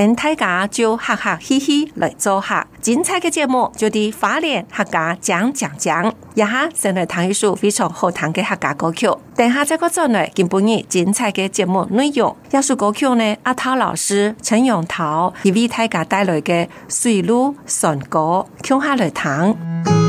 等大家就哈哈嘻嘻來做下，精彩嘅節目就地花蓮客家講講講，一下先來聽一首非常好聽嘅客家歌曲。等下再個轉來，緊畀你精彩嘅節目內容，要是歌曲呢，阿濤老師陳永濤，為大家帶來嘅《水路山歌》，聽下來談。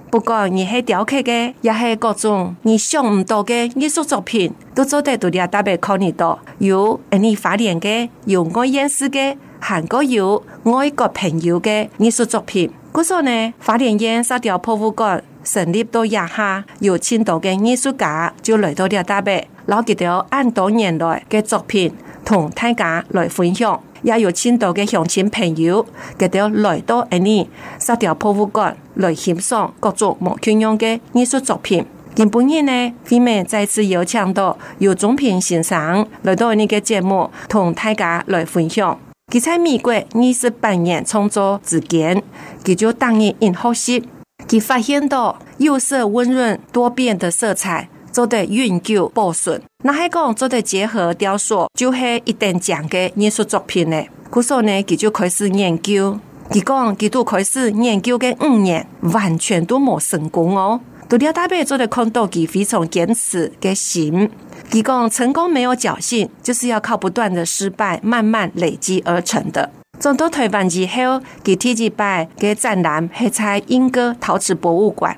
不管你是雕刻的，也係各種，你想不到的藝術作品，都做得度啲阿大伯看得到這你。有，你花蓮的，有我演絲的，含過油，外國朋友的藝術作品。嗰時呢，花蓮石雕博物館，成立到一下，有青島的藝術家就來到啲阿大伯，攞佢哋多年來的作品同大家來分享。也有青島的鄉親朋友，佢哋來到呢石雕博物館來欣賞各種莫青樣的藝術作品。近半年呢，佢們再次邀請到，游忠平先生來到呢個節目同大家來分享。佢在美國藝術扮演創作期間，佢就當年因呼吸，佢發現到釉色溫潤多變的色彩。做的永久保存，那還講做的結合雕塑，就是一點強的藝術作品咧。故說呢，佢就開始研究，佢講佢都開始研究的五年，完全都沒成功哦。到了台北，做的看到佢非常堅持嘅心，佢講成功沒有僥倖，就是要靠不斷的失敗慢慢累積而成的。做多退班之後，佢提起擺嘅展覽，還在鶯歌陶瓷博物館。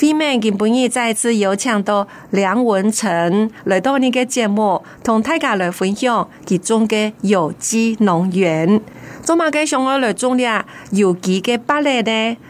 今半夜，再次邀請到梁文誠來到你個節目，同大家來分享其中嘅有機農園。做麼個想我來種啲有機嘅芭樂咧。